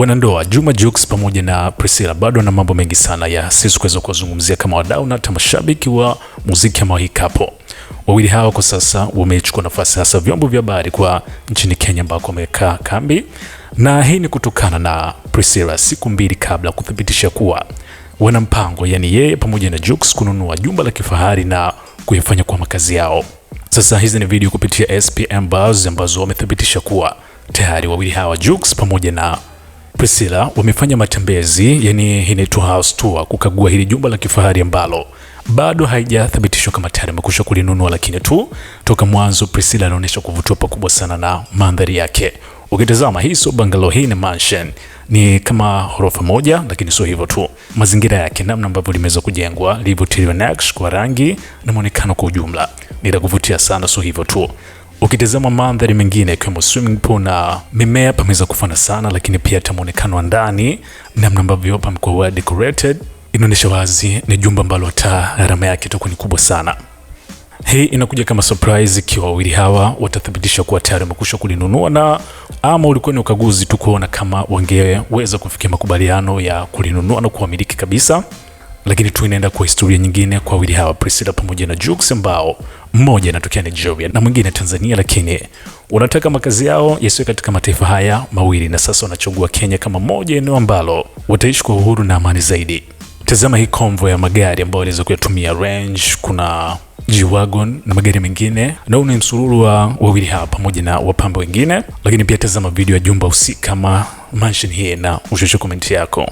Wanandoa Juma Jux pamoja na Priscilla bado na mambo mengi sana ya sisi kuweza kuzungumzia kama wadau na hata mashabiki wa muziki ama hikapo. Wawili hawa kwa sasa wamechukua nafasi hasa vyombo vya habari kwa nchini Kenya ambako wamekaa kambi, na hii ni kutokana na Priscilla siku mbili kabla kuthibitisha kuwa wana mpango, yani yeye pamoja na Jux kununua jumba la kifahari na kuifanya kwa makazi yao. Sasa hizi ni video kupitia SPM Buzz ambazo wamethibitisha kuwa tayari wawili hawa Jux pamoja na Priscilla wamefanya matembezi, yani inaitwa house tour, kukagua hili jumba la kifahari ambalo bado haijathibitishwa kama tayari amekwisha kulinunua, lakini tu toka mwanzo Priscilla anaonyesha kuvutiwa pakubwa sana na mandhari yake. Ukitazama hii sio bungalow, hii ni mansion, ni kama ghorofa moja, lakini sio hivyo tu, mazingira yake, namna ambavyo limeweza kujengwa, livyotiliwa next kwa rangi na muonekano kwa ujumla ni la kuvutia sana, sio hivyo tu Ukitazama mandhari mengine kama swimming pool na mimea pameweza kufana sana, lakini pia hata wa ndani, namna ambavyo pamekuwa well decorated, inaonyesha wazi ni jumba ambalo hata gharama yake itakuwa ni kubwa sana. Hii inakuja kama surprise ikiwa wawili hawa watathibitisha kuwa tayari wamekwisha kulinunua na ama ulikuwa ni ukaguzi tu kuona kama wangeweza kufikia makubaliano ya kulinunua na kuamiliki kabisa lakini tu inaenda kwa historia nyingine kwa wawili hawa Priscilla pamoja na Jux, ambao mmoja anatokea Nigeria na mwingine Tanzania, lakini wanataka makazi yao yasiwe katika mataifa haya mawili, na sasa wanachagua Kenya kama moja eneo ambalo wataishi kwa uhuru na amani zaidi. Tazama hii konvo ya magari ambayo waliweza kuyatumia Range, kuna G-Wagon na magari mengine, na huu ni msururu wa wawili hawa pamoja na wapambe wengine, lakini pia tazama video ya jumba husika kama mansion hii na ushushe komenti yako.